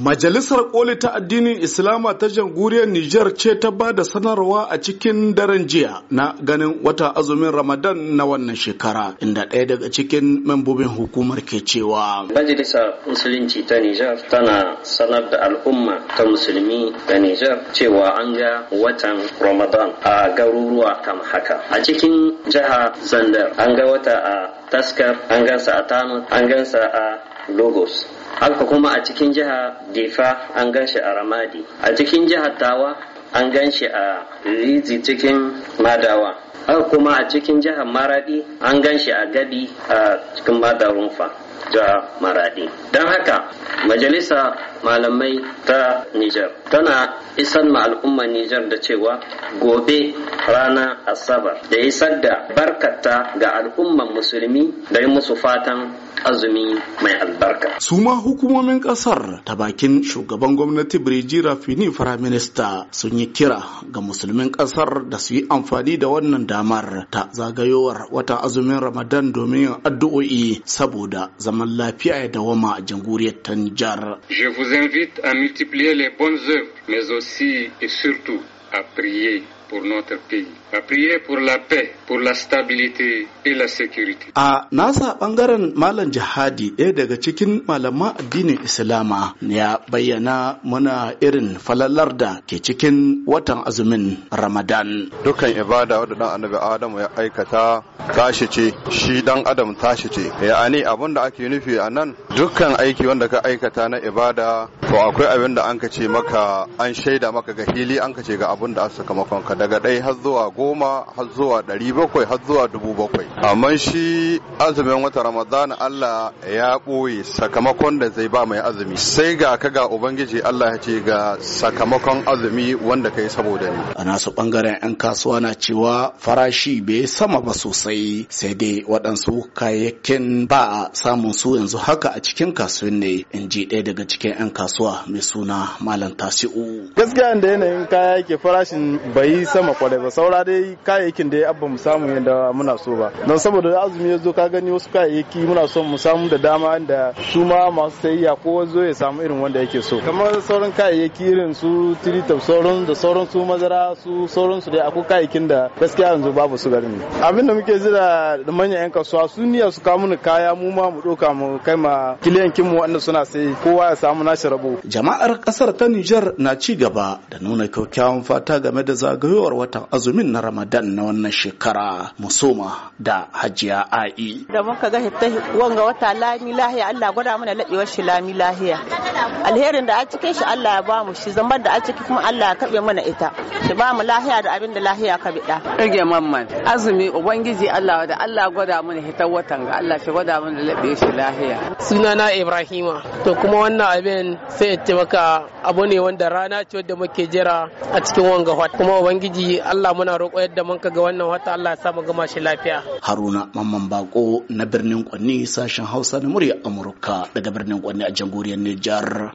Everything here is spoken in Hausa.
Majalisar Koli ta addinin Islama ta jamhuriyar Nijar ce ta ba da sanarwa a cikin daren jiya na ganin wata azumin Ramadan na wannan shekara inda ɗaya daga cikin membobin hukumar ke cewa. Majalisar Musulunci ta Nijar tana sanar da al'umma ta musulmi da Nijar cewa an ga watan Ramadan a garuruwa kam haka. A cikin jiha Zandar an ga wata a Taskar, an gansa a tanu an gansa a logos haka kuma a cikin jiha difa an gan shi a ramadi a cikin jihar tawa an gan shi a rizi cikin madawa haka kuma a cikin jihar maradi an gan shi a gabi a cikin madarunfa da maradi don haka majalisa malamai ta nijar tana isan ma al'ummar nijar da cewa gobe rana asabar da isar da barkata ga al'ummar musulmi da yi musu fatan azumi mai albarka su ma hukumomin kasar ta bakin shugaban gwamnati Brijira fini firaminista sun yi kira ga musulmin kasar da su yi amfani da wannan damar ta zagayowar wata azumin ramadan domin addu'o'i saboda zama zaman lafiya ya dawama a jamhuriyar ta Nijar. Je vous invite à multiplier les bonnes œuvres, mais aussi et surtout à prier pour notre pays. A prier pour la paix, pour la stabilité et la sécurité. A nasa bangaren Malam Jihadi ɗaya daga cikin malaman addinin Islama ya bayyana muna irin falalar da ke cikin watan azumin Ramadan. Dukan ibada wadda dan annabi Adamu ya aikata tashi ce, shi dan Adam tashi ce. Ya'ani abin da ake nufi a nan dukkan aiki wanda ka aikata na ibada to akwai abin da an ka ce maka an shaida maka ga hili an ka ce ga abin da aka sakamakon daga ɗai har zuwa goma har zuwa ɗari bakwai har zuwa dubu bakwai amma shi azumin wata ramadan allah ya ɓoye sakamakon da zai ba mai azumi sai ga ka ga ubangiji allah ya ce ga sakamakon azumi wanda ka yi saboda ni a nasu ɓangaren 'yan kasuwa na cewa farashi bai sama ba sosai sai dai waɗansu kayayyakin ba a samun su yanzu haka a cikin kasuwan ne in ji ɗaya daga cikin 'yan kasuwa mai suna malam tasi'u gaskiya da yanayin kaya yake farashin bai sama kwarai ba saura dai kayayyakin da abba mu samu yadda muna so ba don saboda azumi ya zo ka gani wasu kayayyaki muna so mu samu da dama da su ma masu sayayya ko zo ya samu irin wanda yake so kamar sauran kayayyaki irin su tiritab sauran da sauran su madara su sauran su dai akwai kayayyakin da gaskiya yanzu babu su garin abin da muke jira da manyan yan kasuwa su niyya su kawo mana kaya mu ma mu doka mu kai ma kiliyankin mu wanda suna sai kowa ya samu nashi rabo jama'ar kasar ta Nijar na ci gaba da nuna kyakkyawan fata game da zagayo zagayowar watan azumin na Ramadan na wannan shekara musoma da Hajiya A'i. Da muka ga hitta wanga wata lami lahiya Allah gwada mana labewar shi lami lahiya. Alherin da a cikin shi Allah ya ba mu shi zaman da a ciki kuma Allah ya kabe mana ita. Shi ba mu lahiya da abin da lahiya ka biɗa. Rage mamman azumi ubangiji Allah da Allah gwada mana hitar watan ga Allah shi gwada mana labewar shi lahiya. Sunana Ibrahima to kuma wannan abin sai ya ce maka abu ne wanda rana ce wadda muke jira a cikin wanga kuma ubangiji ubangiji Allah muna roƙo yadda mun ga wannan wata Allah ya sa mu gama shi lafiya Haruna Mamman Bako na birnin Kwanni sashen Hausa na murya Amurka daga birnin Kwanni a jamhuriyar Nijar